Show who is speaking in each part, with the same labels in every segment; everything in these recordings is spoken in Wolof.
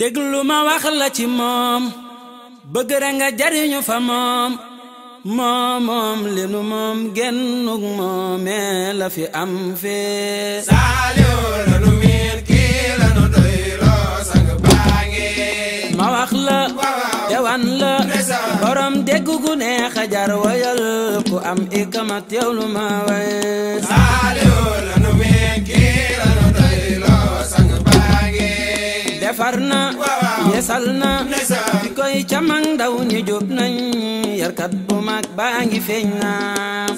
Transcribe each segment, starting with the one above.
Speaker 1: déglu ma wax ci moom bëgg rek jariñu fa moom moom moom li nu moom gennuk moomee la fi am fee Saliou la nu miin
Speaker 2: kii la nu doy loo sang baa
Speaker 1: ma wax la jawan borom dégg neex a jar woyal ku am ikamat yow lu ma way defar na yeesal na di koy camang ndaw ñu jóg nañ yarkat bu mag baa ngi feeñ na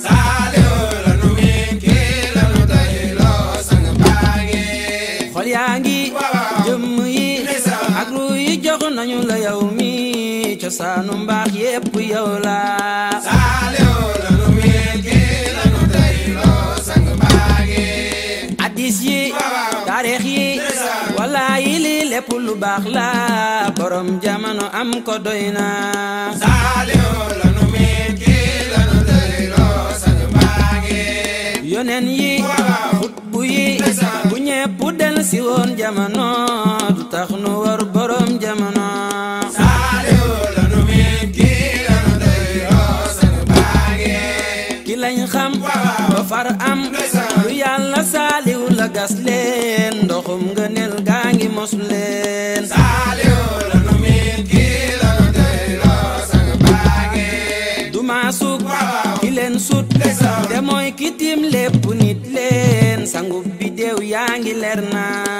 Speaker 1: Saliou la nu ngi la nu tay loo sang baa ngi xol yaa ngi jëmm yi ak ru yi jox nañu la yow mi cosaanu mbaax yépp yow la Saliou la nu ngi la nu tay baa ngi addis yi taarix lépp lu baax la borom jamono am ko doy na saalihu lanu miit ki lanu doyloo sañu baange yonen yi bu ñepp del si woon jamono du tax nu war borom jamono saalihu lanu miit ki lanu doyloo sañu baange ki lañ xam ba far am lu yàlla saalihu la gas leen ndoxum nga ne mosu leen. Saliou la nu miin kii la nu doy loo baage. duma suk ki leen sut. te mooy ki tiim nit leen. sangub bi deew yaa ngi leer naa.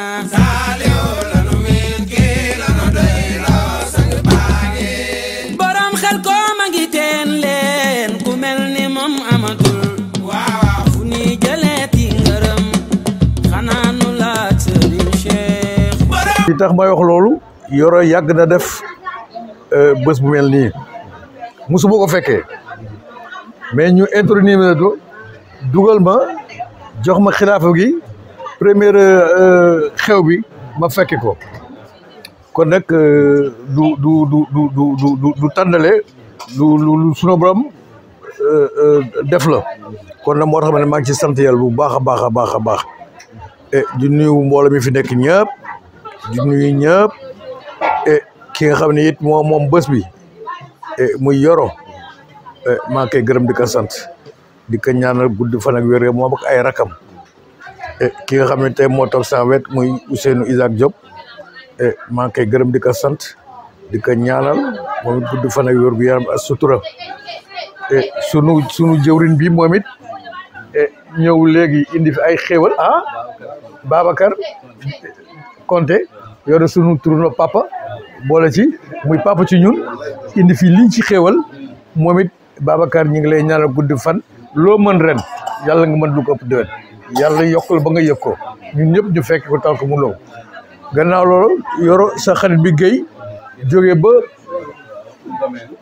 Speaker 3: tax may wax loolu Yoro yàgg na def euh, bés bu mel nii musuma ko fekkee mais ñu introduire du dugal ma jox ma xilaafa gi première euh, xew bi ma fekki ko kon nag euh, du du du du du du tàndale lu lu sunu borom def la kon nag moo tax ma ne maa ngi ci sant bu baax a baax a baax a baax di nuyu mbooloo mi fi nekk ñëpp. di nuyu ñëpp eh, ki nga xam ne it moo moom bés bi eh, muy yoro eh, maa ngi koy gërëm di ko sant di ko ñaanal gudd fan ak wér moom ak ay rakam ki nga xam ne tey moo toog sa wet muy Ousseynou Isaac Diop maa ngi koy gërëm di ko sant di ko ñaanal moom it gudd fan ak wér yaram ak sutura sunu sunu jëwrin bi moom it ñëw léegi indi fi ay xéewal ah Babacar Konté Yoro sunu turno papa boole ci muy papa ci ñun indi fi liñ ci xéewal momit babakar ñi ngi lay ñaanal gudd fan lo mën ren yalla nga mën lu ko ëpp yalla yokul ba nga yekko ñun ñep ñu fekk ko mu lo gannaaw lool yoro sa xarit bi geey jóge ba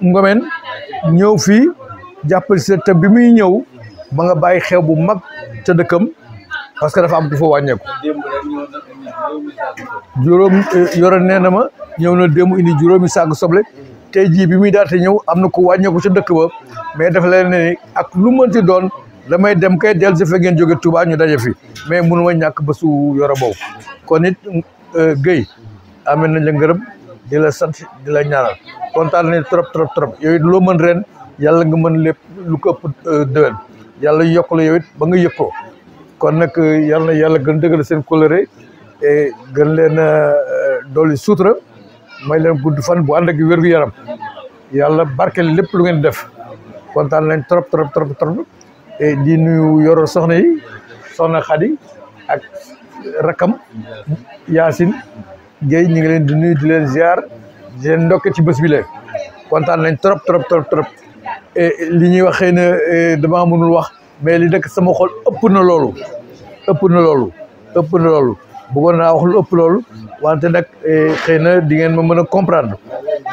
Speaker 3: ngomen ñew fi jappal si te bi muy ñew ba nga xew bu mag te dekkam parce que dafa am ku fa wàññeeku juróom eh, yore nee na ma ñëw na démb indi juróomi saagu soble tey jii bi muy daate ñëw am na ku wàññeeku ca dëkk ba mais dafa leen ne ak lu mënti doon damay dem kay del si fa ngeen jóge Touba ñu daje fi mais mënu ma ñàkk ba su yore boobu kon it eh, Guèye amee nañ la ngërëm di la sant di la ñaanal kontaan nañ trop trop trop yooyu loo mën ren yàlla nga mën lépp lu këpp ëpp eh, déwén yàlla yokk yow it ba nga yëg ko kon nag yal na yàlla gën dëggal seen coloré et gën leen euh, dolli soutre may leen gudd fan bu ànd gi wér-gu-yaram yàlla barkeel lépp lu ngeen def kontaan nañ trop trop trop trop et di nuyu yoro soxna yi soxna Xadi ak rakam Yaasin Géey ñu ngi leen di nuy di leen ziar di leen ndokke ci bés bi leen kontaan nañ trop trop trop trop li ñuy wax xëy na euh, damaa mënul wax mais li nekk sama xol ëpp na loolu ëpp na loolu ëpp loolu bëggoon naa wax lu ëpp loolu wante nag eh, xëy na di ngeen ma mën a comprendre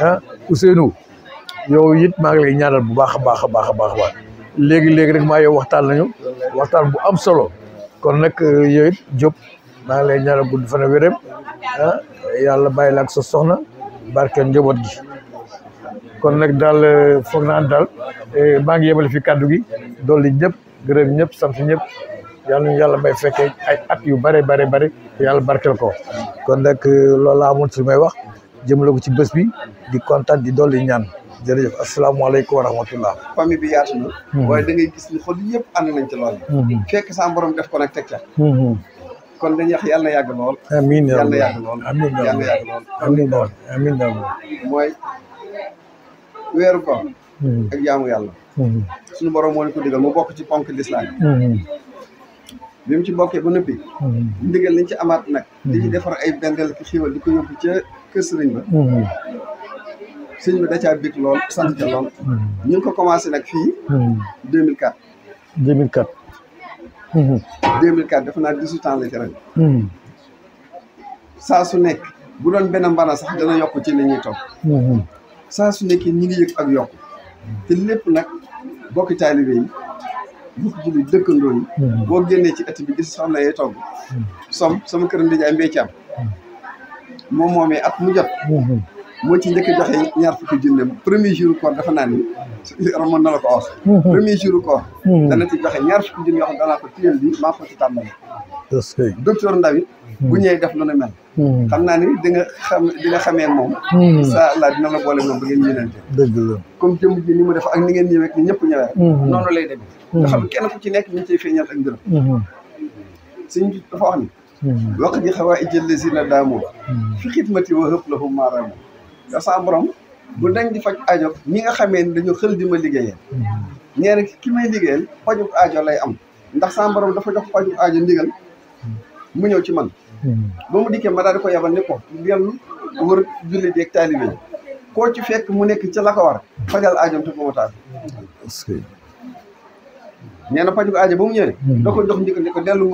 Speaker 3: ah Ousseynou yow it maa ngi lay ñaanal bu baax a baax a baax a baax léegi léegi rek maa yow waxtaan nañu waxtaan bu am solo kon nag eh, yow it Diop maa ngi lay ñaanal gudd fan a wéram ah, yàlla bàyyi la ak sa soxna barkeel njaboot gi. kon nag daal eh, foog naa daal maa ngi yebale fi kàddu gi dolli ñëpp. gërëm ñëpp sant ñëpp yal nañu yàlla may fekke ay at yu bare bare bare yàlla barkeel ko kon nag euh, loolu laa amoon ci may wax jëmale ko ci bés bi di kontaan di dolli ñaan jërëjëf
Speaker 4: asalaamaaleykum wa rahmatullah famille bi yaatu na hmm. waaye da ngay gis ni xol yëpp ànd nañ ci lool hmm. fekk sa borom def ko nag teg ca hmm, kon dañuy wax yàlla na yàgg lool
Speaker 3: amiin yàlla na yàgg lool amiin yàlla na yàgg lool amiin lool amiin lool
Speaker 4: mooy weeru ko ak jaamu yàlla
Speaker 5: suñu
Speaker 4: borom moo ñu ko digal mu bokk ci ponk lislaam hmm. bi mu ci bokkee ba noppi hmm. ndigal liñ ci amaat nag di ci hmm. defar ay bendel ki xiiwal di ko yóbbu ca kër sëriñ ba sëriñ ba da caa bég lool sant ca ñu ngi ko commencé nag fii deux mille quatre deux mille quatre naa dix-huit la ci saa su nekk bu doon benn mbana sax dana yokk ci li ñuy toog saa su nekk ñi ngi yëg ak yokk te lépp nag bokki taalibe yi bokki julli dëkkandoo yi hmm. boo génnee ci ëtt bi gis soxna yee togg hmm. som sama kër ndijaay mbay ci am hmm. moom moomee at mu moo ci njëkk joxe ñaar fukki junne premier jour koor dafa naan ni ramoon na la ko wax premier jour koor dana ci joxe ñaar fukki junne yoo xam danaa ko téyel bi maa ko ci tàmbali docteur Ndawi bu ñëwee def lu Hmm. xam naa ni di nga xam di nga xamee moom hmm. incha allah dina la boole moom ba ngeen ñëwante dëgg la comme jëmm mu def ak ni ngeen ñëwee ni ñëpp ñëwee hmm. noonu lay demee nga xam kenn ku ci nekk ñu ngi cay feeñal ak ngërëm suñ dafa wax ni wax ji xawaa i jëlle si na daamu fi xidmati wa hëpp la fu maaraamu nga sa borom bu dañ di faj ajo ñi nga xamee ni dañu xël di ma liggéeyal ñee ki may liggéeyal fajub aajo lay am ndax sa borom dafa jox fajub aajo ndigal mu ñëw ci man ba mu dikkee ma daal di ko yabal ni ko ngeen wër jullit yeeg taalibe yi koo ci fekk mu nekk ci la ko war fajal aajoom te boobu taal. nee na faj ko aajo ba mu hmm. ko jox ndigal ni ko dellu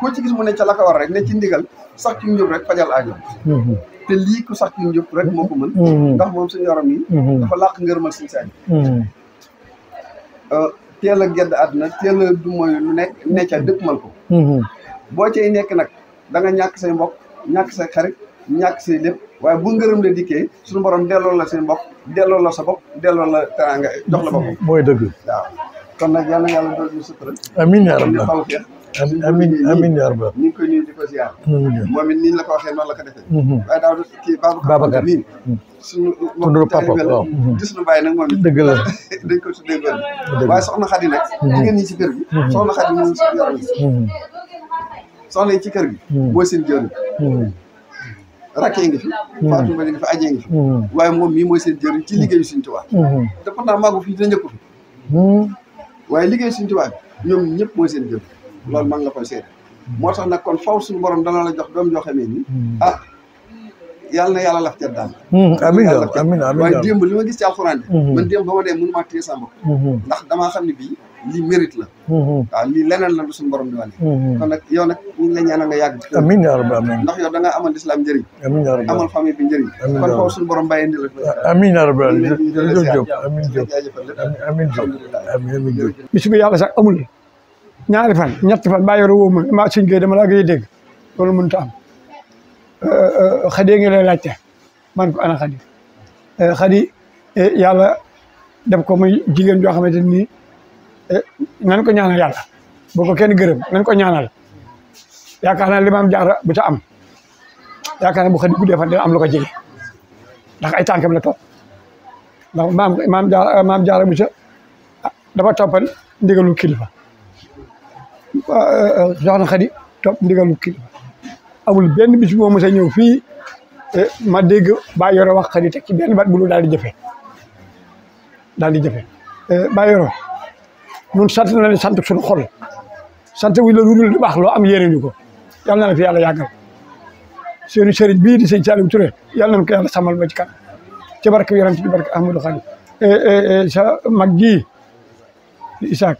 Speaker 4: koo ci gis mu ne ca la ko war rek ne ci ndigal sax ci njub rek fajal aajoom. Hmm. te sax ci njub rek moo ko hmm. ndax moom suñu yaram yi. dafa làq ngërëmal suñu sañ. Euh, teel a gedd àdduna teel a du mooy lu nekk necca dëkkmal ko. boo cay nek nak da nga ñak say mbokk ñak say xarit ñak say lepp waye bu ngërëm la dikkee suñu borom delo la seen mbokk delo la sa bokk delo la teranga jox la bokk moy deug waaw kon nak yalla yalla do doon ñu sutura
Speaker 3: amiin yaa rabbi amin amin ya rabbi
Speaker 4: ni ko ni diko ziar moom ni la ko waxe non la ko defee mhm. waaye daaw kii Babacar nii mhm. suñu tundu papa mhm. gis nu suñu nak nag deug la dañ ko tuddee bër waye soxna Xadi nak ngeen ni ci bir bi soxna Xadi moom si yor soxna yi ci kër gi mooy hmm. seen jëriñ hmm. rakkee ngi fi hmm. Fatou Mbaye ngi fi ajee ngi fi waaye moom mii mooy seen jëriñ ci liggéeyu Sëriñ Tuubaa te pourtant maagu fii dina njëkku fi waaye liggéeyu Sëriñ Tuubaa bi ñoom ñëpp mooy seen jëriñ loolu man la koy seede moo tax nag kon faw suñu borom dana la jox doom joo xamee ni ah yàlla na yàlla laf cat daal amiin amiin amiin waaye démb li ma gis ci alxuraan bi man démb ba ma dee mënu sama bopp ndax damaa xam ne lii mérite la. Hmm, hmm. waaw lii leneen la du suñu borom di wane. Hmm, kon nag yow nag ñu ngi lay ñaanal nga yàgg. amiin yaa rabbi amiin ndax yow da ngaa amal islam njëriñ. amiin yaa rabbi amal famille bi njëriñ. amiin kon foofu suñu borom bàyyi ndi la. amiin yaa rabbi amiin jërëjëf
Speaker 3: amiin jërëjëf amiin jërëjëf amiin jërëjëf.
Speaker 6: bis bi yàlla sax amul ñaari fan ñetti fan bàyyi woo ma maa suñ koy dama laa koy dégg loolu mënut a am euh, euh, xadee nga lay laajte man ko ana xadi euh, xadi eh, yàlla def ko muy jigéen joo xamante ni nan ko ñaanal yalla bu ko kenn gëreem nan ko ñaanal yakana limam li jaara bu ca am yaakaar bu xadi guddee fan dina am lu ko jël ndax ay tankam la top ndax maam imam jaara maam jaara bu ca ah, dafa topal ndigalu kilifa ah, ah, soxna xadi top ndigalu kilifa amul benn bis boo mos a ñëw eh, ma dégg ba yoro wax xadi teg ci benn bat bu lu dal di jëfé dal di jëfé eh, ba yoro ñun sant na leen sant suñu xol sant wuñ la lu dul lu baax loo am yéene ñu ko yal na la fi yàlla yàggal seeni sëriñ bii di sëñ Saliou Touré yal nañu ko yàlla samal ba ci kan ci barke yonent ci barke Ahmadou Khadi eh, eh, eh, sa mag ji Isaac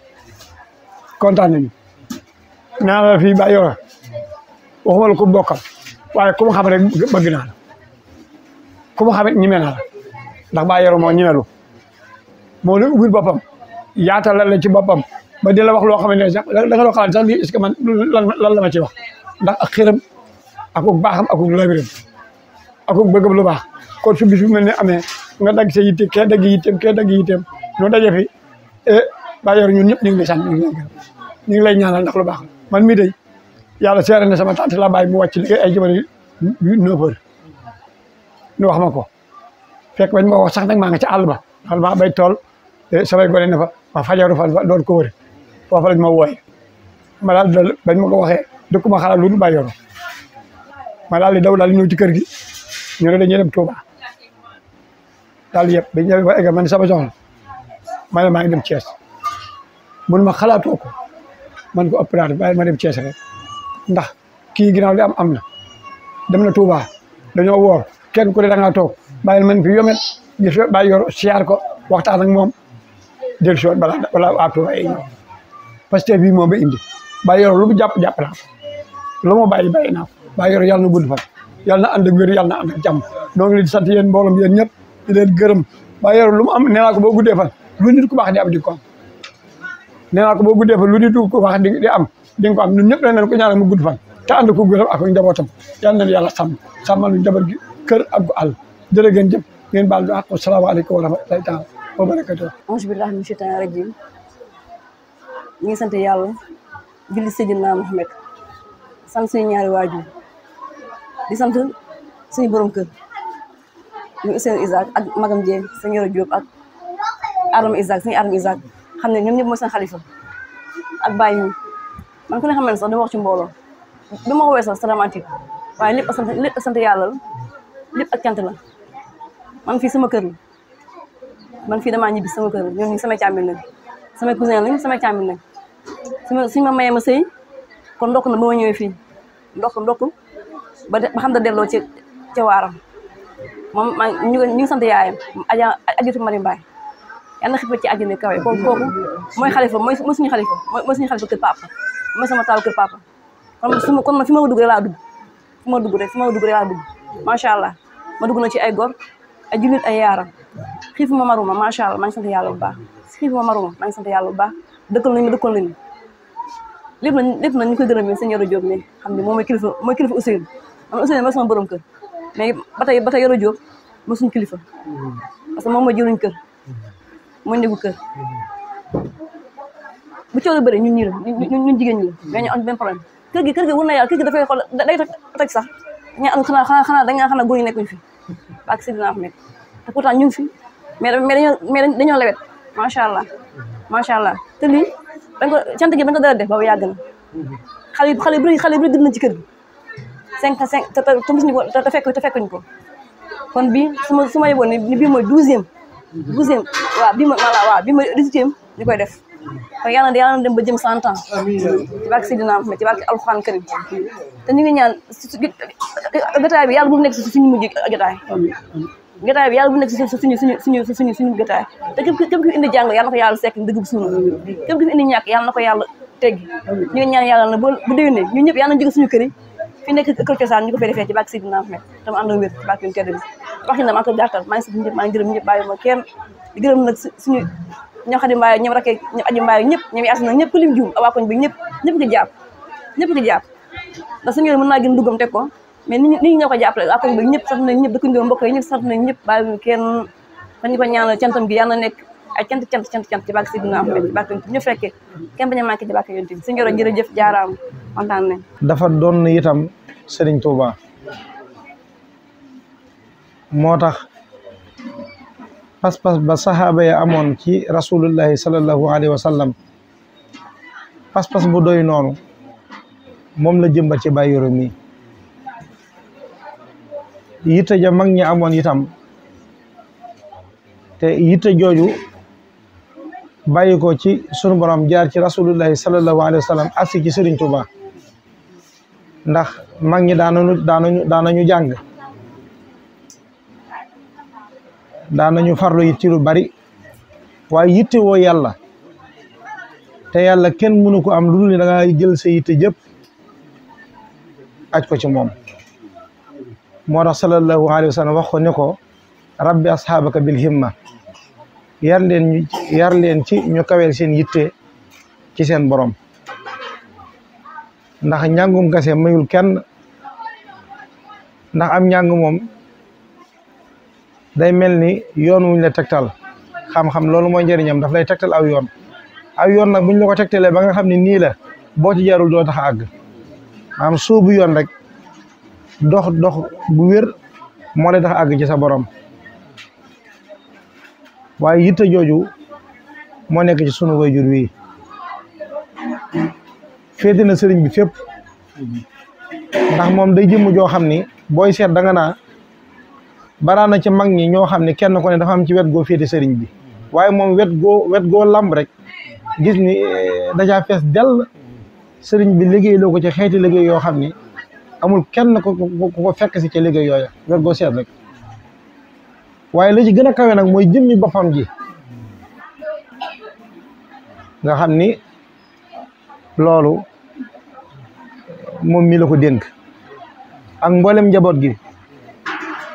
Speaker 6: kontaan nañu naa la fi bàyyi wax waxuma la ku bokkal waaye ku ma xam naa la ku xam ñime naa la ndax bàyyi moo ñimelu moo la ubbil boppam yaatal la ci bopam ba dila wax lo xam sax da nga waxal sax lii est-ce man lan la ma ci wax ndax ak xiram ak ak akuk ak ak beugam lu bax ko su bisu melni amé nga dag sa yitté ké dag yitteem ké dag yitteem no dajé fi eh, ba yor ñun ñep ñu ngi sant ñu ngi ñu ngi lay ñaanal ndax lu bax man mi day yalla séré na sama tante la bay mu wacc ligé ay jamono yu ñu wax mako fekk bañ mo wax sax nak ma nga ci alba alba bay tol eh, sama gone na fa ma fajaru fa door ko wër foofu lañ ma woy ma daal di bañ ma ko waxee dëkk ma xalaat lu nu bàyyoon ma daal di daw daal di ñëw ci kër gi ñoo ne dañuy dem daal di yëpp ba ñëwee ma egg man sama soxna ma ne maa ngi dem cees mun ma xalaatoo ko man ko opérateur bàyyi ma dem Thiès rek ndax kii ginnaaw li am am na dem na Touba dañoo woor kenn ku ne da ngaa toog bàyyi man fi yomet gis yor siyaar ko waxtaan ak moom del si bala balaa balaa ay parce que bi mo be indi Baye Yoro lu japp japp nah. na lu mo baye baye na ko Baye Yoro yàlla na gudd fan na and ak wér yàlla na ànd ak jàmm noo ngi di sant yeen mbolam yeen ñëpp di len gërëm Baye Yoro lu mu am neena ko bo guddee fa lu nit ku bax di am di ko neena ko bo guddee fa lu nit ku bax di am di ko am ñun ñep dañ leen ko ñaan mu gudd fa ta and ko gërëm ak njabootam yalla na yalla sam samal njaboot gi kër ak al jërë gën jëm ngeen baal ak assalamu alaykum wa rahmatullahi taala wa barakatuh
Speaker 7: ange mu min shaytani rajim ñu ngi sant yàlla julli Seydina Muhammad sant suñu ñaari waajur di sant suñu borom kër ñu Ousseynou Isaac ak magam Dieng sëñ Yoro Diop ak Adama Isaac sëñ Adama Isaac xam ne ñoom ñëpp mooy seen xalifa ak bàyyi ñu man ku ne xam sax dama wax ci mbooloo du ma woowee sa salaamaaleykum waaye lépp a sant yàlla lépp ak cant la man fi sama kër la man fii damaa ñibbi sama kër ñoom ñi sama càmmiñ lañ sama cousin lañ sama càmmiñ lañ suñ ma mayee ma sëy kon ndokk na ba ma ñëwee fii ndokk ndokk ba xam da delloo ci ca waaram moom ma ñu ngi sant yaayam aja ajatu mari mbaay yal na xippal ci àjjana kawe kooku kooku mooy xalifa mooy mooy suñu xalifa mooy suñu xalifa kër papa ma sama taaw kër papa kon ma kon man fi ma dugg laa dugg fi ma dugg rek fi ma dugg rek laa dugg macha allah ma dugg na ci ay góor ay jullit ay yaaram xiifuma maruma macha allah maa ngi sant yàlla bu baax xiifuma maruma maa ngi sant yàlla bu baax dëkkal nañu ma dëkkal nañu lépp nañ lépp nañ ñu koy gërëmee sëñ Yoro Diop mi xam ne moom kilifa mooy kilifa Ousseynou man Ousseynou mooy sama borom kër mais ba tey ba tey Yoro Diop mooy suñu kilifa parce que moom mooy jëruñ kër mooy ndegu kër bu coow la bëri ñun ñii la ñun jigéen ñi la mais ñu am benn problème kër gi kër gi wër na yàlla dafay xool day toj sax ñu am xanaa xanaa xanaa dañ ngaa xanaa góor yi nekkuñu fi ak si dinaa nekk te pourtant ñu ngi fi mais dañoo mais dañoo lewet macha allah macha allah te lii dañ ko cant gi dañ ko dara def boobu yàgg na xale yu xale yu bëri xale yu bëri dund na ci kër gi cinq cinq te te te ñu ko te fekk te fekkuñu ko kon bii su ma su ma yeboon ni bii mooy douzième douzième waaw bii mooy voilà waaw bii mooy dix-huitième ñu koy def kon yàlla na yàlla na dem ba jëm cent ans ci barke Sidina Muhammad ci barke alxuraan karim te ñu ngi ñaan jotaay bi yàlla bu mu nekk si suñu mujj jotaay ngataay bi yàlla bu nekk si suñu suñu suñu suñu suñu ngataay te képp képp ku indi jàng yàlla na ko yàlla sekk dëgg bu suuna képp ku indi ñàkk yàlla na ko yàlla teggi ñu ngi ñaan yàlla na bu déwénee ñu ñëpp yàlla na jóge suñu kër yi fi nekk kër cosaan ñu ko fay defee ci bàkk si dina am dama ànd ak wér bàkk yu tedd bi wax ñu ne maa ngi ko gàttal maa ngi si ñëpp maa ngi gërëm ñëpp bàyyi ma kenn di gërëm nag suñu ñoo xam ne mbaay ñoom rakkee ñoom aji mbaay ñëpp ñoom yaas na ñëpp ku lim juum awaa koñ bi ñëpp ñëpp ko jàpp ñëpp ko jàpp ndax suñu mën naa gën duggam teg ko mais nit ñi ñoo ko jàppale après ba ñëpp sant nañ ñëpp dëkk ñu mbokk yi ñëpp sant nañ ñëpp bàyyi ñu kenn dañu ko ñaanal cantam gi yàlla na nekk ay cant cant cant cant ci bàkk si dina am ci bàkk ñu fekkee kenn bañ a manqué ci bàkk yonti bi suñu yoroon jërëjëf jaaraam kontaan nañ
Speaker 8: dafa doon itam Serigne Touba moo tax pas-pas ba saxaaba ya amoon ci rasulullahi sallallahu alayhi wa sallam pas-pas bu doy noonu moom la jëmbat ci bàyyi yoro mi yitte ja mag ñi amoon itam te yitte jooju bàyyi ko ci sunu borom jaar ci rasulullahi sallallahu alayhi wa sallam agsi ci Sëriñ Tuba ndax mag ñi daanañu daanañu daanañu jàng daanañu farlu it ci lu bari waaye yitte woo yàlla te yàlla kenn mënu ko am lu dul da nga jël sa yitte jëpp aj ko ci moom moo tax sallallahu alayhi wa sallam wax ko ne ko rabbi asxaabaka bil himma yar leen yar leen ci ñu kaweel seen yitte ci seen boroom ndax njàngum kese mayul kenn ndax am njàng moom day mel ni yoon wuñ la tegtal xam-xam loolu mooy njëriñam daf lay tegtal aw yoon aw yoon nag buñ la ko tegtalee ba nga xam ne nii la boo ci jarul doo tax a àgg maanaam suubu yoon rek dox dox bu wér moo lay tax àgg ci sa boroom waaye yitte jooju moo nekk ci sunu wayjur wi féete na sëriñ bi fépp ndax moom day jëmm joo xam ni booy seet danga naa baraa na ci mag ñi ñoo xam ne kenn ku ne dafa am ci wet goo féete sëriñ bi waaye moom wet goo wet goo lamb rek gis ni eh, dajaa fees dell sëriñ bi liggéey loo ko ci xeeti liggéey yoo xam ni amul kenn ku ko fekk si ca liggéey yooya wér goo seet rek waaye la ci gën a kawe nag mooy jëmmi boppam ji nga xam ni loolu moom mi la ko dénk ak mboolem njaboot gi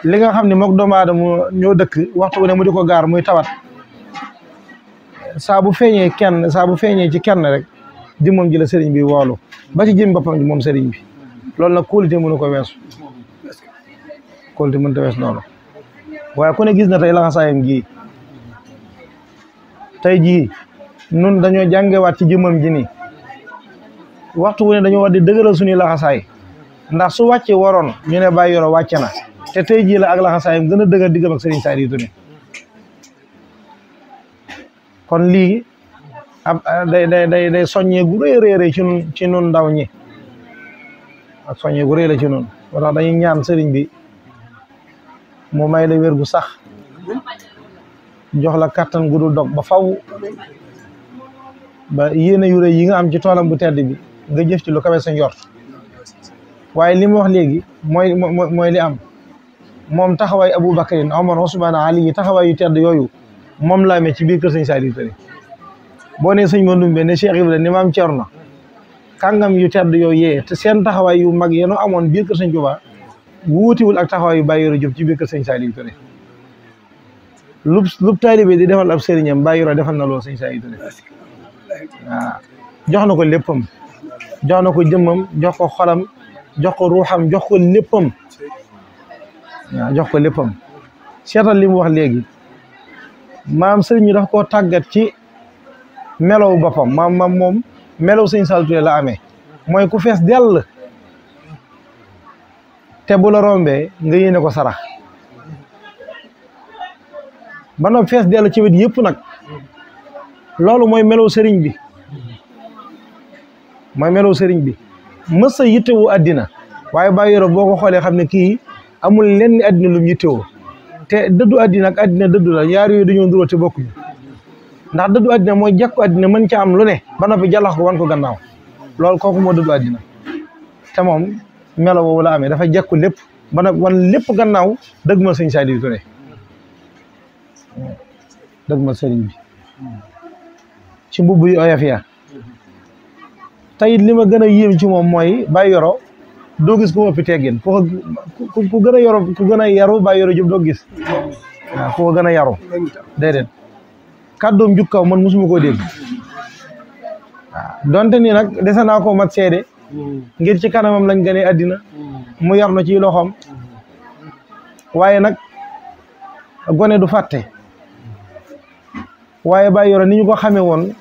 Speaker 8: li nga xam ne mook doomu aadama ñoo dëkk waxtu bu ne mu di ko gaar muy tawat saa bu feeñee kenn saa bu feeñee ci kenn rek di moom ji la sëriñ bi woolu ba ci jëm boppam ji moom sëriñ bi loolu nag kóolite mënu ko weesu kóolite mënu ta weesu noonu waaye ku ne gis na tey laxasaayam gii tey jii nun dañoo jàngewaat ci jëmmam ji nii waxtu wu ne dañoo war di dëgëral suñuy laxasaay ndax su wàcce waroon ñu ne bàyyi yoro wàcce na te tey jii la ak laxasaayam gën a dëgër diggam ak sëriñ Saaliw Ture kon lii ab day day day day soññee gu ci nun ci nun ndaw ñi ak soñe gu rëy la ci noonu moo tax ñaan sëriñ bi mu may la wér gu sax jox la kattan gu dul dog ba faw ba yéene yu yi nga am ci toolam bu tedd bi nga jëf ci lu kawe sa njort waaye li mu wax léegi mooy mooy li am moom taxawaay a Aboubacarin Omar Ousmane Ali yi taxawaay yu tedd yooyu moom laa amee ci biir kër sëñ Saliou Touré boo nee sëñ Mandoumbe ne Cheikh Ibrahima ne maam Thierno kàngam yu tedd yooyu yee te seen taxawaay yu mag yéen amoon biir kër sëñ Tuubaa wuutiwul ak taxawaay yu Baye Yoro ci biir kër sëñ Saliou Touré lu lu di defal ab sëriñam Baye Yoro defal na loo sëñ Saliou jox na ko léppam jox na ko jëmmam jox ko xolam jox ko ruuxam jox ko léppam waaw jox seetal li wax léegi maam sëriñ ñu daf koo tàggat ci melo boppam maam maam moom melaw sëñ Saliou Touré la amee mooy ku fees dell te bu la nga yéene ko sara ba fees dell ci wet yëpp nag loolu mooy melo sëriñ bi mooy melaw sëriñ bi mës a yittewu addina waaye ba Yoro boo ko xoolee xam ne kii amul lenn addina lum yittewoo te dëddu addina ak addina dëddu la ñaar yooyu dañoo nduróo te bokkuñu ndax dëddu àddina mooy jekku àddina mën ca am lu ne ba noppi jàllax ko wan ko gannaaw loolu kooku moo dëddu àddina te moom melo wa la amee dafa jekku lépp ba noppi wan lépp gannaaw dëgg ma sëñ Saliou Touré bi ci mbubb yu oyof ya tey li ma gën a yéem ci moom mooy Baye Yoro doo gis ku ëpp teggin ku ku gën a yoro ku gën a yaru Baye Yoro Diop doo gis ku ko gën a yaru déedéet kaddum jukka man musuma ko deg don donte ni nak desana ko mat seede ngir ci kanamam lañu gënee adina mu yor na ci loxom waye nak goné du faté waye Baye Yoro ni ko xamé won eh,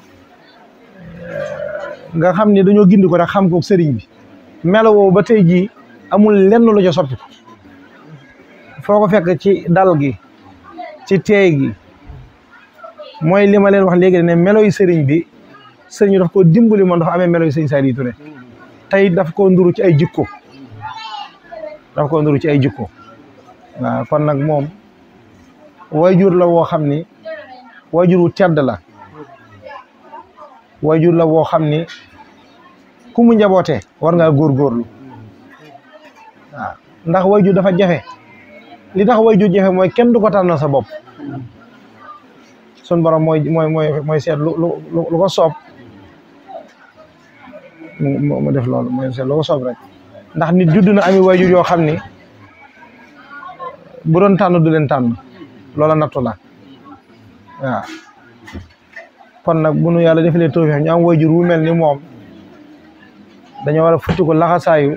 Speaker 8: nga xamni dañu gindi ko da xam ko sëriñ bi melowoo ba tay ji amul lenn lu ci soppi foko fekk ci dal gi ci gi mooy li ma leen wax léegi ne melo yu sëriñ bi sëriñ bi daf koo dimbali moom dafa amee meloy yu sëriñ Saliou Touré tey daf koo nduru ci ay jikko daf koo ci ay jikko waaw kon nag moom waajur la woo xam ni waajur wu tedd la waajur la woo xam ni kumu njaboote war war ngaa góorgóorlu waaw ndax waajur dafa jafe li tax waajur jafe mooy kenn du ko tànnal sa bopp sun borom mooy mooy mooy mooy seet lu lu soob mu def loolu mooy seet lu soob rek ndax ni judd na ami waajur yoo xam ni bu doon tànn du leen tànn loola nattu la waaw kon nag bu nu yàlla defalee tawfiix ñu am waajur wu mel ni moom dañoo war a futti ko laxasaayu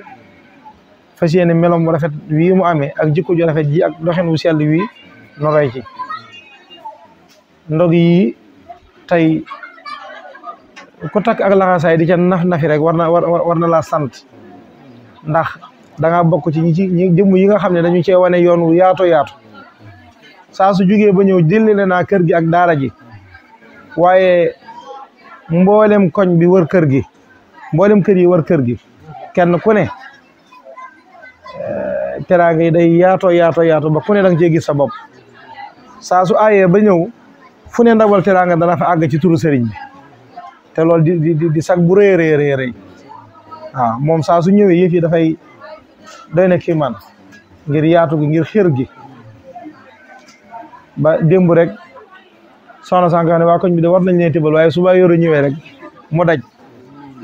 Speaker 8: fas yéene melom mu rafet wii mu amee ak jikko ju rafet ji ak doxin wu sell wii noroy ci ndog yi tey ku takk ak laxasaay di ca naf nafi rek war na na laa sant ndax da ngaa bokk ci ñi ci ñi jëmm yi nga xam ne dañu cee wane yoon wu yaato yaatu saa su jugee ba ñëw dellale naa kër gi ak daala ji waaye mboolem koñ bi wër kër gi mboolem kër yi war kër gi kenn ku ne eh, teraanga yi day yaato yaato yaato ba ku ne da nga cee sa bopp saa su aayee ba ñëw fu ne ndawal teraanga dana fa àgg ci turu sëriñ bi te loolu di di di sag bu rëy rëy rëy rëy moom saa su ñëwee yëf yi dafay doy na kii man ngir yaatu ngir xër gi ba démb rek soxna sànq waa koñ bi de war nañ leen tibal waaye suba yoro ñëwee rek mu daj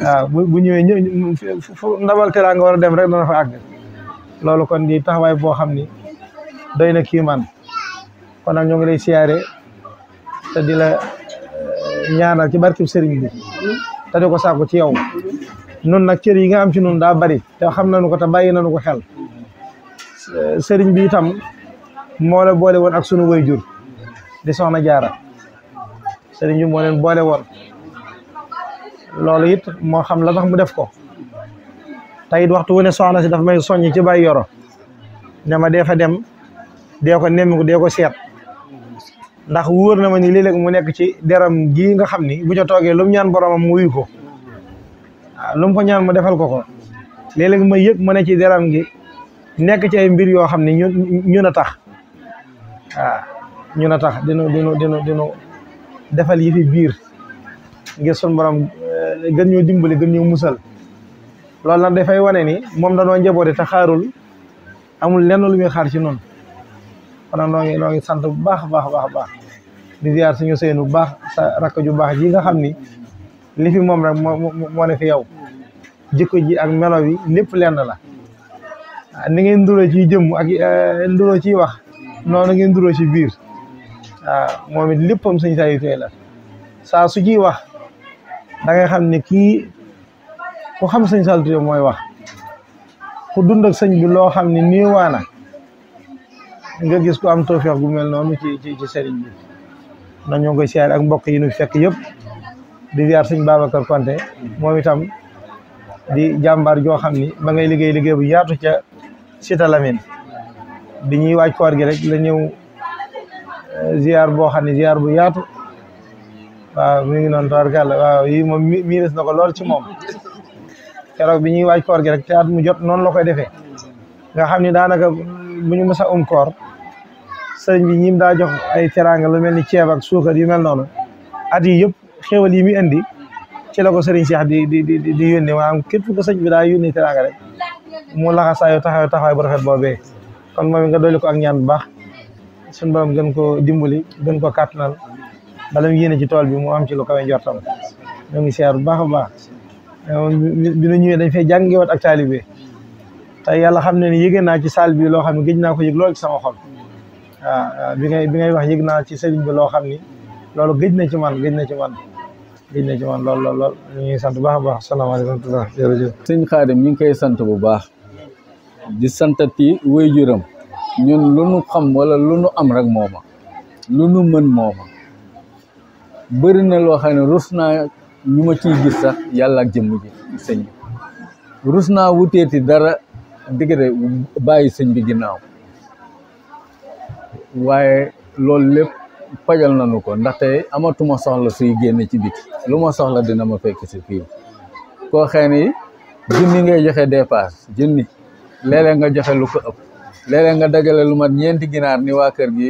Speaker 8: waaw bu ñëwee ñëw fu ndawal teraanga war a dem rek dana fa àgg loolu kon di taxawaay boo xam ni doy na kii man a ñoo ngi lay siyaare te di la eh, ci barkib sëriñ bi te di ko saako ci yow noonu nag cër yi nga am ci noonu daa bari te xam nañu ko te bàyyi nañu ko xel eh, sëriñ bi itam moo boole woon ak sunu jur di soxna jaara sëriñ bi moo leen boole woon loolu yit moo xam la tax mu def ko te it waxtu wu ne soxna si dafa may soññ ci bay yoro ne ma dee fa dem dee ko nemmiku dee ko seet ndax wóor na ma ni léeg mu nek ci deram gi nga xamni bu ca toge lu ñaan borom am ko ah, lu ko ñaan mu defal ko ko léeg ma yek mu ne ci deram gi nek ci ay mbir yo xamni ñu na tax ah ñu na tax dino dino dino dino defal yi fi bir, ngir sun borom eh, gën ñoo dimbali gën ñoo musal lool nak defay wone ni da no njaboote ta xaarul amul lenn lu muy xaar ci non ana ngi ngi sant bu baax baax baax baax di ziar suñu seenu bu baax sa rakk ju baax ji nga xam ni li fi moom rek moo moo ne yow jikko ji ak melo yi lépp lenn la ah, ngeen nduroo ci jëmm ak eh, nduroo ci wax noonu ngeen nduroo ci biir waaw ah, moom it léppam sëñ Saliou la saa su ciy wax da xam ni kii ku xam sëñ Saliou Touré mooy wax ku dund ak sëñ bi loo xam ne ni waana nga gis ku am tawfeex gu mel noonu ci ci ci sëriñ bi na ñoo ngi koy siyaare ak mbokk yi ñu fekk yëpp di ziar sëñ Babacar Konte moom itam di jàmbaar joo xam ni ba ngay liggéey liggéey bu yaatu ca sita lamin bi ñuy waaj koor gi rek la ñëw
Speaker 5: eh, ziar
Speaker 8: boo xam ne ziar bu yaatu waaw mi ngi noonu tawarkàlla waaw yi moom na ko lool ci moom keroog bi ñuy waaj koor gi rek te at mu jot noonu la koy defee nga xam ni daanaka bu ñu mës a um koor sëriñ bi ñim daa jox ay teraanga lu mel ni ceeb ak suukar yu mel noonu at yi yëpp xéwal yi muy indi ci la ko sëriñ Cheikh di di di di yónnee maanaam képp ku sëñ bi daa yónnee teraanga rek
Speaker 5: mu laxasaayu
Speaker 8: taxaw taxawaay bu rafet boobee kon moom nga dolli ko ak ñaan bu baax suñu borom gën ko dimbali gën ko kàttanal bala mu yéene ci tool bi mu am ci lu kawe njortam ñoo ngi seer bu baax a baax bi ñu ñëwee dañ fay jàngewaat ak taalibe te yàlla xam ne ni yëgee naa ci saal bi loo xam ne gëj naa ko yëg lool ci sama Ah, ah, bi ngay bi ngay wax yëg naa ci sëriñ bi loo xam ni loolu géj na ci man gëj na ci man gëj na ci man lool lool ñu ngi sant bu baax a baax salaamaaleykum
Speaker 9: jërëjëf sëñ Xaadim ñu ngi koy sant bu baax di santati waajuram ñun lu nu xam wala lu nu am rek mooma lu nu mën mooma bëri na loo xam ne rus naa ñu ma ciy gis sax yàlla ak jëmm ji sëñ bi rus naa wuteeti dara diggante bàyyi sëñ bi ginnaaw waaye loolu lépp fajal nañu ko ndaxte amatuma soxla suy génne ci biti lu ma soxla dina ma fekk si fii koo xëy ni junni ngay joxe dépasse junni léeg-léeg nga joxe lu ko ëpp léeg nga dagale lu mat ñeenti ginaar ni waa kër gi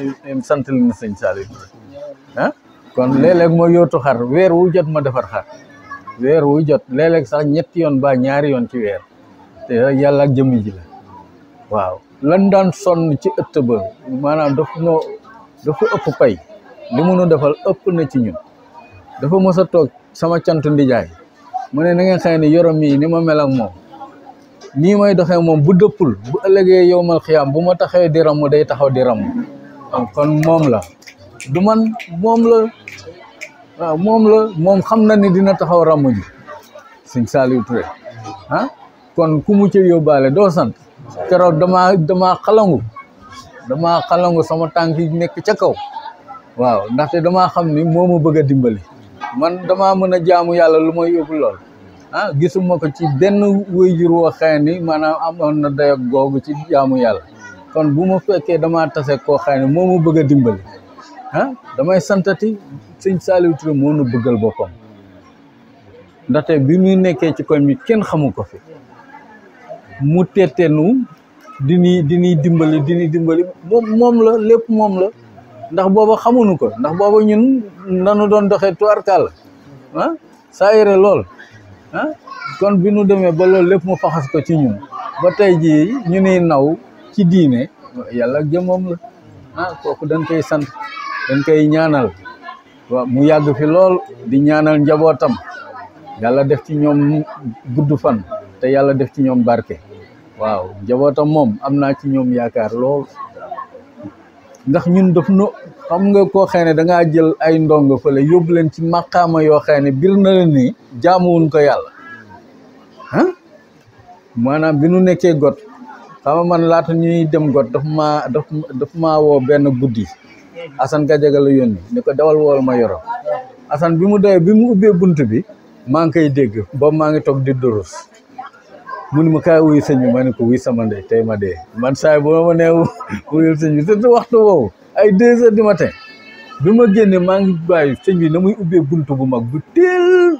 Speaker 9: eh, eh, sant leen sëñ Saliou ah kon léeg-léeg ma yóotu xar weer wu jot ma defar xar weer wu jot léeg sax ñetti yoon ba ñaari yoon ci weer te yàlla ak jëmmi ji la waaw lan daan sonn ci ëtt ba maanaam daf noo ëpp pay li mu nu defal ëpp na ci ñun dafa mës a toog sama cant ndijaay mu ne na ngeen xam ne yorom yi ni ma mel moom nii may doxee moom bu dëppul bu ëllëgee yowmal xiyaam bu ma taxawee di ramm day taxaw di ramm kon moom la du man mom la waaw moom la moom xam na ni dina taxaw ramm ji sëñ Saliou Touré ah? kon ku mu ci yóbbaale doo sant keroog damaa damaa xalangu damaa xalangu sama tànk yi nekk ca kaw waaw ndaxte damaa xam ni moo ma bëgg dimbali man damaa mën a jaamu yàlla lu may yóbbu lool ah, gisuma ko ci benn wéyjur woo ni maanaam amoon na dayog googu ci jaamu yàlla kon bu ma fekkee damaa tase koo xëy ni moo ma bëgg a dimbali ah, damay santati sëñ Saliou Touré moo nu bëggal boppam ndaxte bi muy nekkee ci koñ bi kenn xamu ko fi mu tété dini dini dimbali dini dimbali mom mom la lepp mom la ndax bawa xamunu ko ndax boba ñun nañu doon doxé tuarkal ha ah, sayere lol ha ah, kon bi nu démé ba lol lepp mu faxas ko ci ñun ba tay ji ñu ni naw ci diiné yalla jëmom la ha ah, koku dañ koy sant dañ koy ñaanal wa mu yag fi lol di ñaanal njabotam yalla def ci ñom gudd fan te yalla def ci ñom barké waaw njabootam moom am naa ci ñoom yaakaar lool ndax ñun daf nu xam nga koo xëy ne dangaa jël ay ndongo fële yóbbu leen ci maqaama yoo xëy ne bir na leen ni jaamuwuñ ko yàlla ah maanaam bi nu nekkee got xam nga man laata ñuy dem got dafa maa daf daf maa woo benn guddi Assane Gadiaga la yónni ni ko dawal wool ma yoro Assane bi mu doyee bi mu ubbee bunt bi maa ngi koy dégg boobu maa ngi toog di durus mu ne ma kaay wuyu sëñ bi ma ne ko wuyu sama ndey ma dee man saay bu ma nee wuyul sëñ bi surtout waxtu woowu ay deux matin bi ma génne maa ngi bàyyi sëñ bi na muy ubbee buntu bu mag bu teel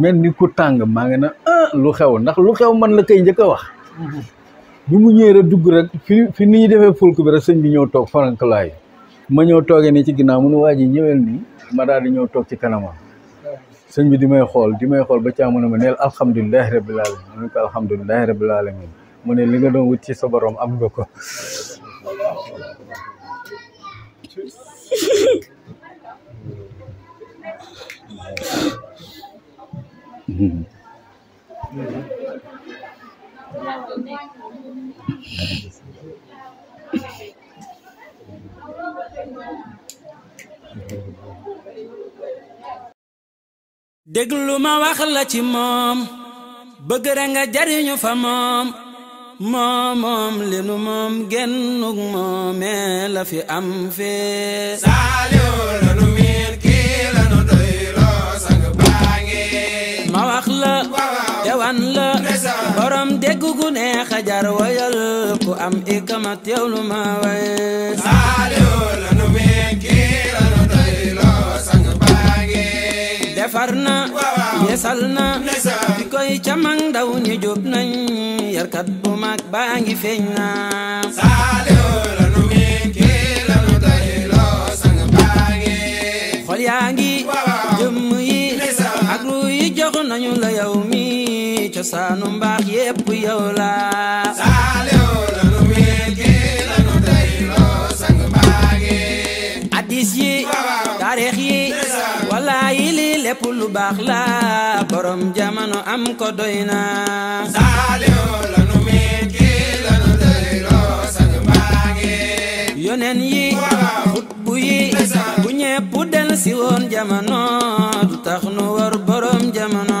Speaker 9: mel ni ku tàng maa ngi na ah lu xew ndax lu xew man la koy njëkk a wax bi mu ñëwee rek dugg rek fi fi ni ñuy defee fulk bi rek sëñ bi ñëw toog faranklaay ma ñëw toogee nii ci ginnaaw mu nu waa ji ñëwel nii ma daal di ñëw toog ci kanamam señ bi dimay xol dimay xol ba caa mu ma neel alhamdullilah rabbil alamin mu ne ko alamin mu ne li nga do wut ci sa borom am nga ko
Speaker 1: déglu ma wax ci moom bëgg ra jariñu fa moom moom moom li nu moom gennuk moomee la fi am fee Saliou la nu miin kii la nu doy loo sang ma wax la jawan borom dégg neex a jar woyal ku am ikamat yow lu ma way defar na yeesal na di koy camang ndaw ñi jóg nañ yarkat bu mag baa ngi feeñ na xol yaa ngi jëmm yi ak ru jox nañu la yow cosaanu mbaax yépp yow la lépp lu baax la borom jamono am ko doy na saaliw lanu miin kii lanu daliloo sang mbaange yonen yi xutbu yi bu ñepp del si woon du tax nu war borom jamono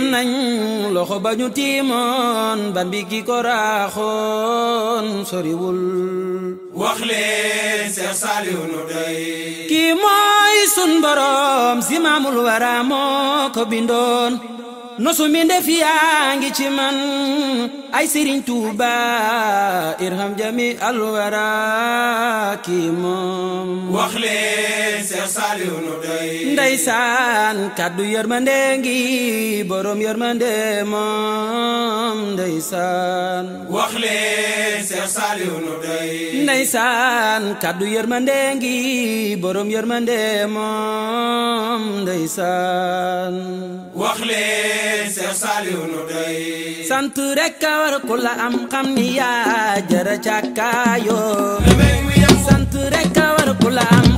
Speaker 1: am nañ loxo ba ñu tiimoon ban bi ki ko raaxoon soriwul
Speaker 2: wax Seex Saaliw nu doy
Speaker 1: kii mooy sun boroom si maamul wara ko bindoon nosu mi yaa ngi ci man ay sëriñ tuuba irham jami alwara ki moom wax
Speaker 2: Seex Saaliw nu doy
Speaker 1: ndeysaan kàddu yërmande ngi borom yërmande moom ndeysaan wax
Speaker 2: leen Seex Saaliw nu doy
Speaker 1: ndeysaan kàddu yërmande ngi borom yërmande moom ndeysaan
Speaker 2: wax leen Seex Saaliw nu
Speaker 1: sant rek a ku la am xam ni yaa jërë càkkaayoo sant rek ku la am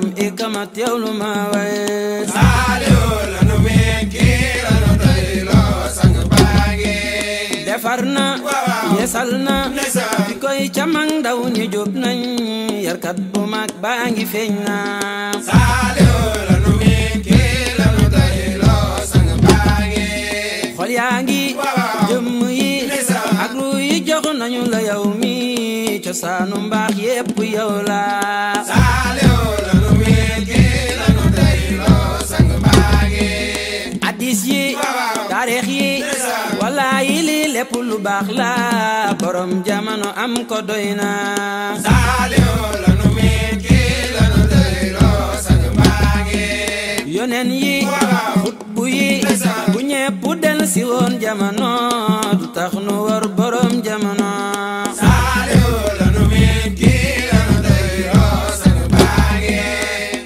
Speaker 1: am ikamat yow lu ma way la nu
Speaker 2: wekki
Speaker 1: la nu doyloo sang baangi defar na yeesal na di koy camang ndaw ñi jub nañ yarkat bu mag baangi feeñ na saaliw la nu wekki la nu doyloo sang baangi xol yaa ngi jëmm yi ak ru yi jox nañu la yow mi cosaanu mbaax yépp yow la taarix lii lépp lu baax la borom jamono am ko doy na saaliw lanu miin kii lanu doyloo sañu mbaange yonen yi xutbu yi bu ñépp del si woon jamono du tax nu war borom jamono saaliw lanu miin kii lanu doyloo sañu mbaange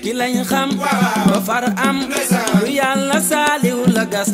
Speaker 1: ki lañ xam ba am lu yàlla saaliw la gas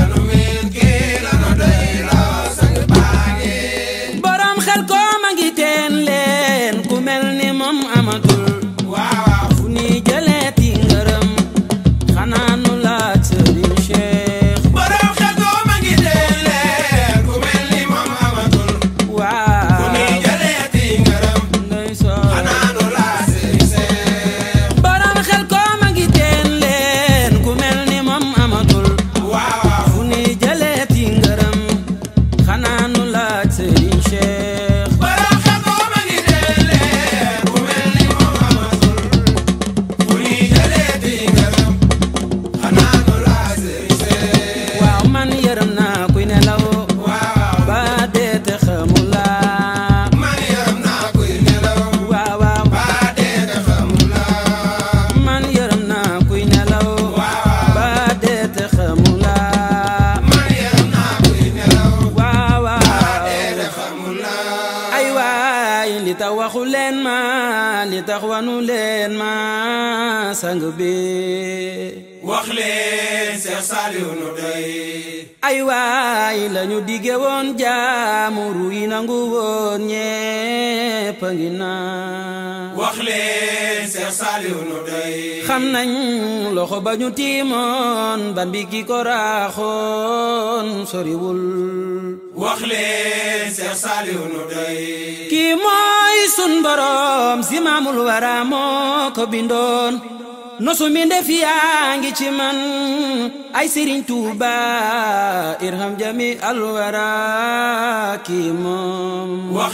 Speaker 1: bëgge woon jaamu ru yi nangu woon ñépp a ngi naan
Speaker 2: wax leen Seex Saaliw
Speaker 1: nu ki ko raaxoon kii mooy sun boroom si maamul wara bindoon nosu mi ndef ngi ci man ay sëriñ tuuba irham jami alwara ki moom wax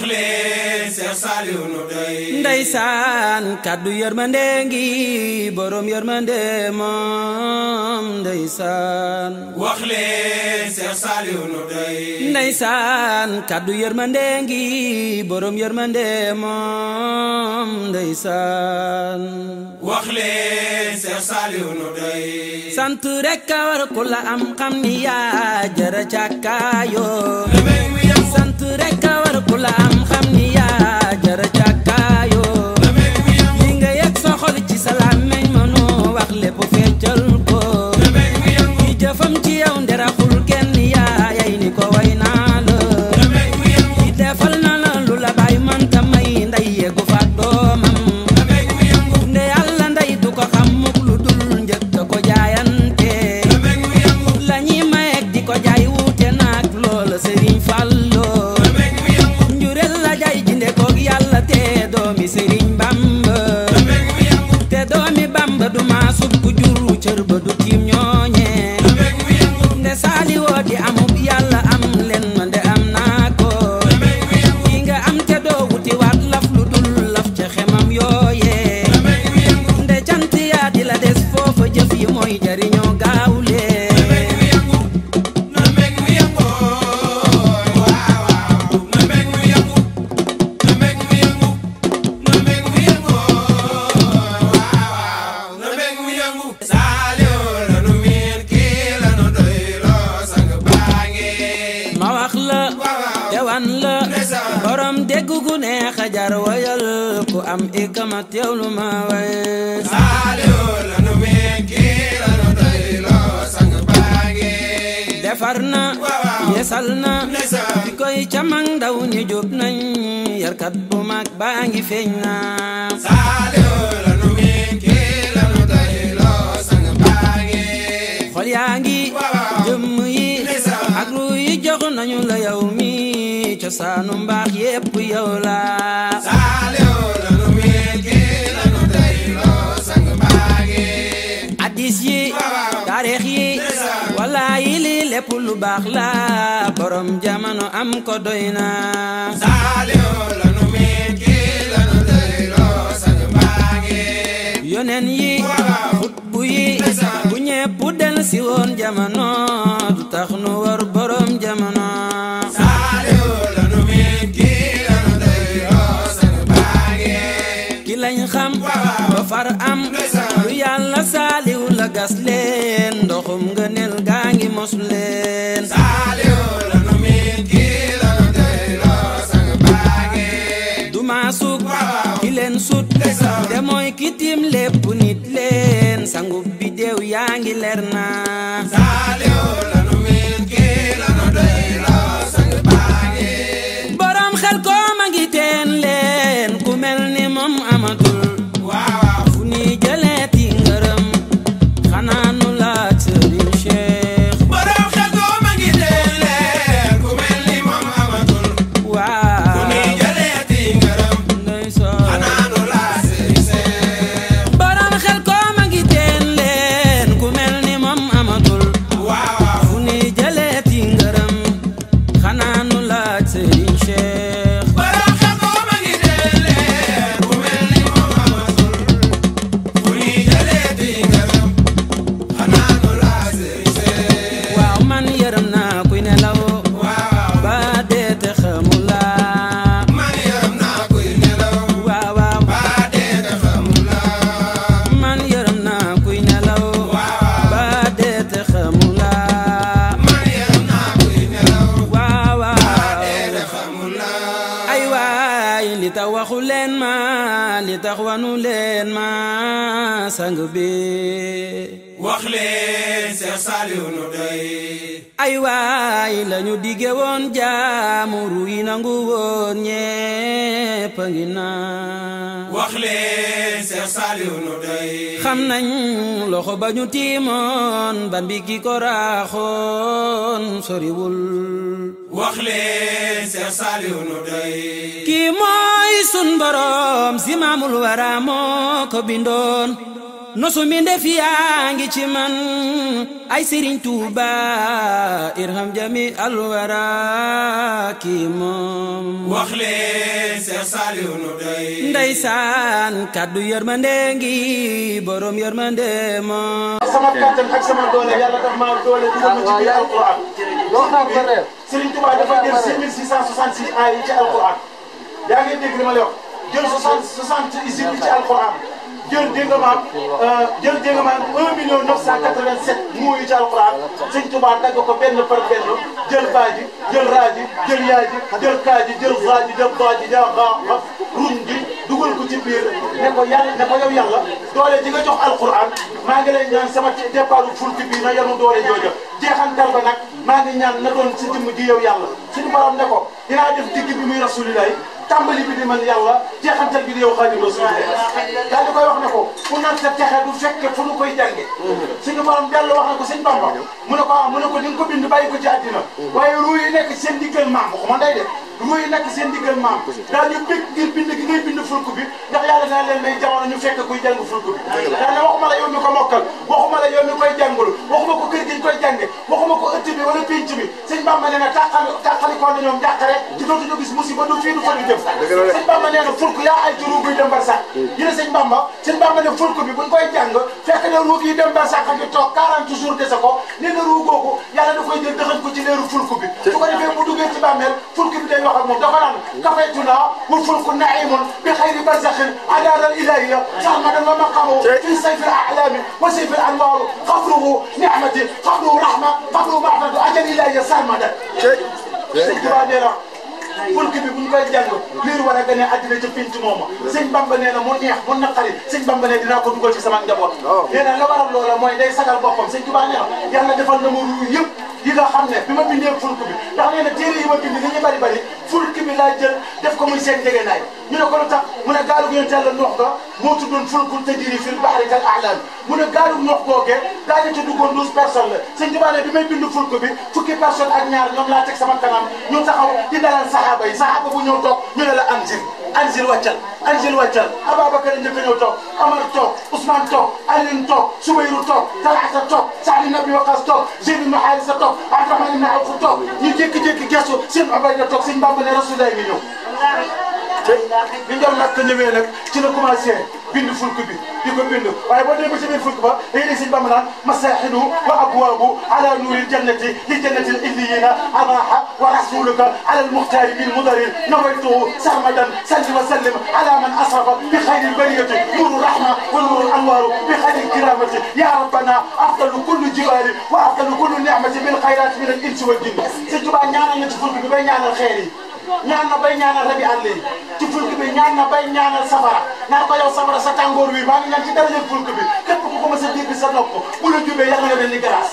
Speaker 2: Seex Saaliw nu doy
Speaker 1: ndeysaan kàddu yërmande ngi borom yërmande moom ndeysaan
Speaker 2: wax leen Seex Saaliw nu doy
Speaker 1: ndeysaan kàddu yërmande ngi borom yërmande moom
Speaker 2: ndeysaan wax leen Seex Saaliw
Speaker 1: sant rek a war ku la am xam ni jara càkkaayoo sant la am xam ni nga yëg sa ci salaam meñ mënoo wax lépp fee xaaliwoo di amub am leen ma cat bu mag baa ngi feeñ naa saalihu lanu miin kii lanu doyloo sang baa ngi xol yaa ngi jëmm yi ak ru yi jox nañu la yow mi cosaanu mbaax yépp yow la saalihu lanu miin kii lanu doyloo sang baa ngi addis yi taarix yi wallaayi li lépp lu baax la borom jamono am ko doy na saalihu yeneen yi xutbu yi bu ñepp del si woon jamono du tax nu war borom jamono saaliw lanu miin kii lanu doy roo sanu baage ki lañ xam ba far am lu yàlla saaliw la gas leen ndoxum ngëneel gaa ngi mos leen te mooy kitim lépp nit leen sangub bi yaa ngi leer na gaay li tax waxu leen ma li tax ma sang bi wax
Speaker 2: Seex Saaliw nu doy
Speaker 1: ay waay lañu digge woon jaamuru yi nangu woon ñépp a
Speaker 2: wax leen Seex Saaliw nu
Speaker 1: doy xam nañ loxo ba ñu tiimoon ban ki ko raaxoon soriwul wax
Speaker 2: Seex Saaliw nu doy
Speaker 1: kii mooy sun boroom si maamul wara ko bindoon nosu mi ndef yaa ngi ci man ay sëriñ tuuba irham jami alwara ki moom wax
Speaker 2: leen seex saaliw
Speaker 1: ndeysaan kàddu yërmande ngi borom yërmande moom sama kàttan
Speaker 10: ak sama doole yàlla daf maa doole dugal ma ci biir alquran wax naa ko reer sëriñ tuuba dafa jël 6666 ay ci alquran yaa ngi dégg li ma lay wax jël 60 60 jël dégg nga maam euh, jël dégg nga maam 1 million 987 muuy ci alxuraan sëñ Tuubaa dagg ko benn par benn jël baa ji jël raa ji jël yaa ji jël kaa ji jël zaa ji jël baa ji jël baa ruum ji dugal ko ci biir ne ko yàlla ne doole ji nga jox alxuraan maa ngi lay ñaan sama départu fulki bi na yanu doole jooja jeexantal ba nag maa ngi ñaan na doon si jëmm ji yow yàlla suñu borom ne ko dinaa def digg bi muy rasulilaay tàmbali bi di man yàlla jeexantal bi di yow xaadimu rasuul daal di koy wax ne ko ku naan sa texe du fekke fu nu koy jànge suñu borom dellu wax na ko sëñ Bamba mu ko ah mu ne ko di nga ko bind ko ci àddina mm-hmm. waaye ruu yi nekk seen diggal maam waxuma ndey de lu muy nekk seen diggal maam daal ñu bég ngir gi ngay bind fulku bi ndax yàlla leen may jamono ñu fekk kuy jàng fulku bi daa ne waxuma la yow mi ko mokkal waxuma la yow mi koy jàngul waxuma gi ñu koy jànge waxuma ko ëtt bi wala pénc bi sëñ Bamba nee na tàqali tàqalikoo na ñoom njàqare ci dootuñu Bamba nee na fulku yaa ay turu buy dem barsax mm. ñu ne sëñ Bamba sëñ Bamba ne fulku bi buñ koy jàng fekk na yi dem barsax ñu bi su لهم دخلا كفيتنا والفلك النعيم بخير برزخ عدالة الإلهية سهما ومقامه في سيف الأعلام وسيف الأنوار قبره نعمة قبره رحمة قبره معرفة أجل إلهية سهما fulki bi buñ koy jàng liir war a gane àddina ca pinc mooma sëñ bamba na mu neex mu naqari sëñ ne dinaa ko dugal ci sama njaboot oh. nee na la waral loola mooy day sagal boppam sëñ Tuubaa neex yàlla defal na ma yi nga xam ne bi ma bindee fulki bi ndax nee muy seen ne ko lu tax mu ne gaalu yonent yàlla noox nga moo tuddoon fulkul tajri fil bahri kal a'lam mu ne gaalu noox googee daa ne ci duggoon douze personnes la ne bi may bind fulki fukki personne ak ñaar ñoom laa teg sama saxaaba yi saxaaba bu ñëw tok ñu la anjil anjil wàccal anjil wàccal Ababacar ñu ko ñëw tok Amar tok usman tok ali tok Soubayrou tok Talata tok Saad ibn Abi Waqas tok Zayd ibn Haarisa toog Abdourahman ibn Awf toog nu jek jek gesso seen abay tok seen Bamba ne rasulay mi ñëw te bi njol lakk ñëwee nag ci la commencé bind fulk bi di ko bind waaye boo demee ba ci biir fulk ba day ne sëñ Bamba naan masaaxidu wa abwaabu ala nuuril jannati li jannatil illiyina abaaha wa rasuluka ala al muxtaari min mudarir nawaytuhu sarmadan salli wa sallim ala man asrafa bi xayri bariyati nuru rahma wa nuru anwaaru bi xayri kiramati ya rabbana afdalu kullu jiwaari wa afdalu kullu nicmati bil xayraati min al insi wal jinn sëñ Tuubaa ñaanal na ci fulk bi bay ñaanal xeer yi
Speaker 5: ñaan na bay ñaanal rabi àll
Speaker 10: yi ci fulk bi ñaan na bay ñaanal safara naan ko yow safara sa tàngoor wi maa ñaan ci daraja fulk bi képp ku ko mës a dégg sa nopp bu la jubee yàlla nga mel ni galaas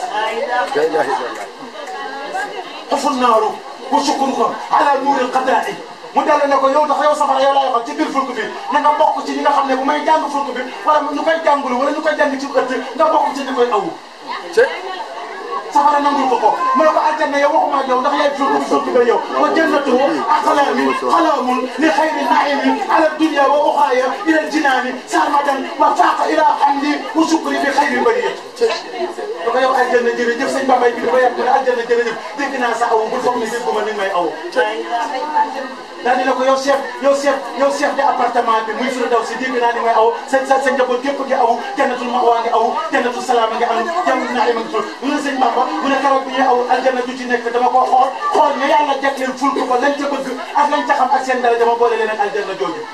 Speaker 10: xuful naaru wa sukkun ko ala nuuril xadaa mu dellu ne ko yow dafa yow safara yow laa waxal ci biir fulk bi na ci ñi nga xam ne bu may jàng fulk bi wala ñu koy jàngulu wala ñu koy jàng ci ëtt nga bokk awu safara nangul ko ko mu ne ko aljanna yow waxuma ak yow ndax yaay suuf bu suuf ba yow wa jannatu aqlaamin xalaamun li xayri naimin ala dunya wa uxaaya ila aljinaani sarmadan wa faaqa ila hamdi wa sukri bi xayri bariyat da ko yow aljanna jërëjëf sëñ Bambay bi dafa yàgg mu ne aljanna jërëjëf dégg naa sa aw bul foog ne dégguma ni may aw daal di ne ko yow chef yow chef yow chef de appartement bi muy Firdawsi dégg naa ni mooy aw sa sa sa njaboot gépp ngi aw jannatul ma'wa ngi aw jannatul salaam nga am jannatul na'iim ngi tul mu ne sëñ Bamba mu ne keroog bi ñuy aw aljanna ju ci nekk dama koo xool xool ne yàlla jagleel ful ko ko lañ ca bëgg ak lañ ca xam ak seen dara dama boole leen ak aljanna jooju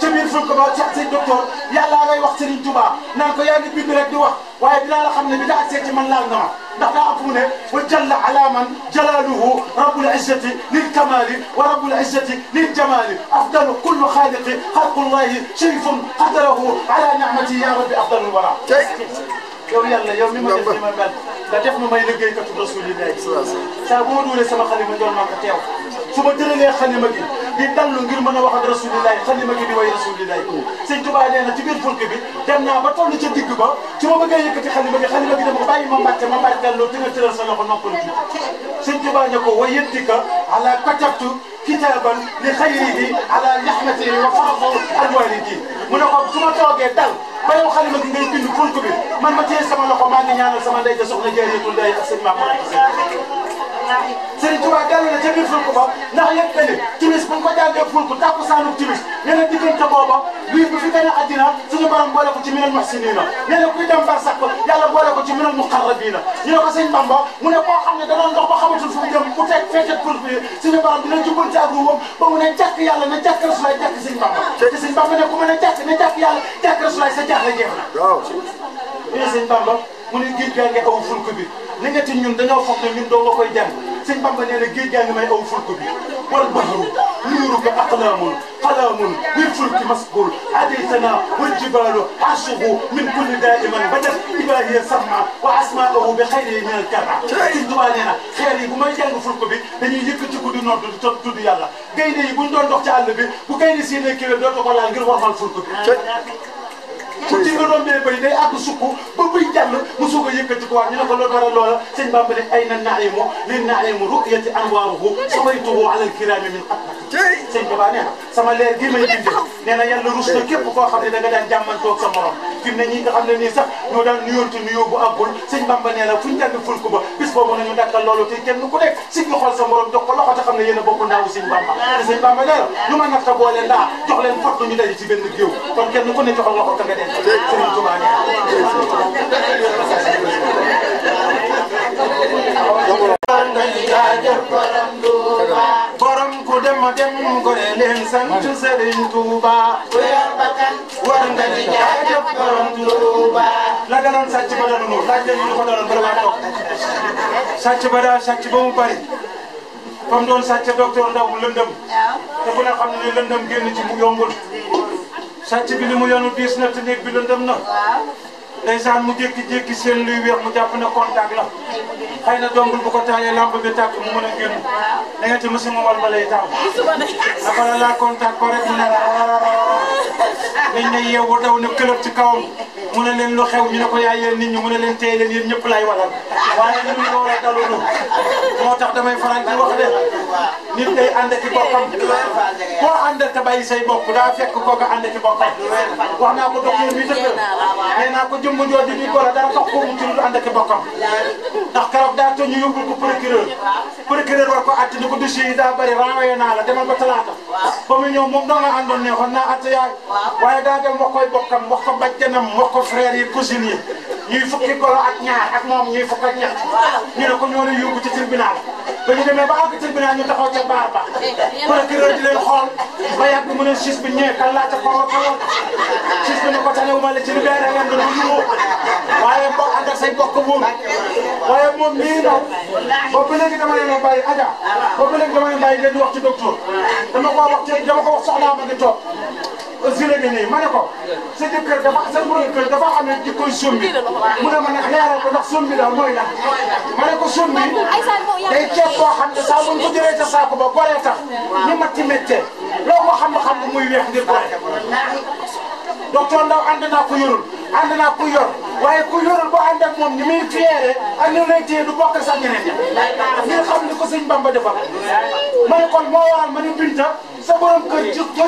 Speaker 10: ci biir ful ko ba seen docteur yàlla ngay wax Serigne Touba naan ko yaa ngi bind rek di wax waaye dinaa la xam ne bi daa accès ci man laal nga ma دعاكم وجل على من جلاله رب العزة للكمال ورب العزة للجمال أفضل كل خالق خلق الله شريف قدره على نعمتي يا رب أفضل الورى يوم يلا يوم ما يجي من بعد لا تفهم ما يلقي كتب رسول الله سابون ولا سما خلي من دون ما قتيع ثم ترى لي خلي مجي di dallu ngir mën a wax ak rasulillahi xalima gi di way rasulillahi sëñ Tuubaa nee na ci biir fulk bi dem naa ba toll ca digg ba su ma bëggee yëkkati xalima gi xalima gi dama ko bàyyi ma mbàcce ma mbàcce delloo di nga tëral sa loxo noppal ji sëñ Tuubaa ne ko wa yëttika ala katabtu kitaaban li xayrihi ala rahmatihi wa farxu alwalidi mu ne ko su ma toogee dal ba yow xalima gi ngay bind fulk bi man ma téye sama loxo maa ngi ñaanal sama ndey ja soxna jaariyatul day ak sëñ Mamadou
Speaker 5: ñaar yi Serigne Touba na ca
Speaker 10: fulku ba ndax lépp dañu timis bu ñu ko jàngee fulku tàkku saanu timis nee na diggante booba luy bu fi gën a addina suñu borom boole ko ci minal muhsinina nee na kuy dem barsak yàlla boole ko ci minal muqarrabina ñu ne ko sëñ Bamba mu ne koo xam ne da doon dox ba xamatul fu mu ku teg fekkee fulku yi suñu borom ba mu ne jàkk yàlla na jàkk rasulaay jàkk sëñ Bamba te sëñ Bamba ne ku mën a jàkk ne jàkk yàlla jàkk rasulaay sa jaaxle
Speaker 4: jeex
Speaker 10: na mune ne géej gaa aw fulku bi li nga ci ñun dañoo foog ñun do nga koy jàng sëñ Bamba nee na géej gaa may aw fulku bi wal bahru nuru nuuruka aqlaamun qalaamun lil fulki maskuul adaytanaa wal jibalu aasubu min kulli da'iman badat def ilaahiya sama wa asma'uhu bi khayri min al kaba ci Tuubaa nee na xeer yi bu may jàng fulku bi dañuy yëkkati ko di nodd di tuddu yàlla gaynde yi buñ doon dox ci àll bi bu gaynde seenee kéwél do ko laal ngir waxal fulku bi bu ci nga rombee bay day àgg sukk ba buy jàll mu soog a yëkkati ko waat ñu ne ko loolu dara loola sëñ Bamba ne ay na naaimu li naaimu ru'yati anwaaruhu samaytuhu ala alkiraami min atmati sëñ Bamba nee na sama leer gi may bindee nee na yàlla rus na képp koo xam ne da nga daan jàmmantoog sa morom fi mu ne ñi nga xam ne nii sax ñoo daan nuyoonte nuyoo bu àggul sëñ Bamba nee na fu ñu jàng fulku ba bis boobu nañu dàkkal loolu te kenn ku nekk si ñu xool sa morom jox ko loxo te xam ne yéen a bokk ndaawu sëñ Bamba ah. te sëñ Bamba nee na lu ma nafta boole ndaa jox leen fot ñu daje ci benn géew kon kenn ku ne joxal loxo ka nga dee borom ku dem dem gore leen sant Serigne Touba. war nga di jaajëf borom Touba. la daloon sàcc ba daloon lool laaj leen ñu ko daloon bala maa toog sàcc ba daal sàcc ba mu bari comme doon sàcc docteur Ndaw lëndëm te ku ne xam ne lëndëm génn ci mu yombul. sàcc bi li mu yonu diis na te néeg bi lëndëm na. ndeysaan mu jékki-jékki seen luy weex mu jàpp ne contact la xëy na dongul bu ko a lampe bi tàkk mu mën a génn da nga ci mosuma wal ba lay taal. na bala laa contact ko rek mu dañ ne yeewu daw na këlëb ci kawam mu ne leen lu xew ñu ne ko yaay yéen nit ñi mu ne leen téye leen yéen ñëpp laay walal waaye nit ñi loolu dalunu moo tax damay faral di wax de nit day ànd koo ànd te bàyyi say bopp daa fekk kooku ànd ko docteur bi dëgg nee naa ko jëmm a daa tax mu ñu ko procureur procureur war ko àtt ni ko ba talaata ba mu ñëw moom doo nga àndoon ne xoon naa àtt yaay waaye daada moo koy bokkam moo ko bajjanam moo ko frère yi cousine yi ñuy fukki golo ak ñaar ak moom ñuy fukk ak ñett ñu ne ko ñoo lay yóbbu ci tribunal ba ñu demee ba àgg tribunal ñu taxaw ca baar ba procureur di leen xool ba yàgg mu ne juge bi ñëwee kan laa ca kaw kawoon juge bi ne ko tane wuma la ci libéré ngeen doon yuwo waaye boo ànd ak say bokk moom waaye moom nii ndaw boobu ba léegi dama leen a bàyyi Adja boobu ba léegi dama leen bàyyi ngeen di wax ci docteur dama ko wax ci dama ko wax soxlaa ma ngi toog zile gi nii ma ne ko sa jëkkër dafa sa borom kër dafa amee di koy sombi mu ne ma nag leeral ko ndax sombi la mooy la ma ne ko sombi day ceeb boo xam ne saa bu ñu ko jëlee ca saako ba goree tax ñu mat ci métier loo ko xam-xam bu muy weex ngir gore
Speaker 5: docteur Ndaw ànd naa ko yorul
Speaker 10: ànd naa ko yor waaye ku yorul boo ànd ak moom ni muy fiyeere ak ni lay téye du bokk sax ñeneen ñi ngir xam ni ko sëñ Bamba defal ma ne kon moo ma ne Binta sa borom kër ci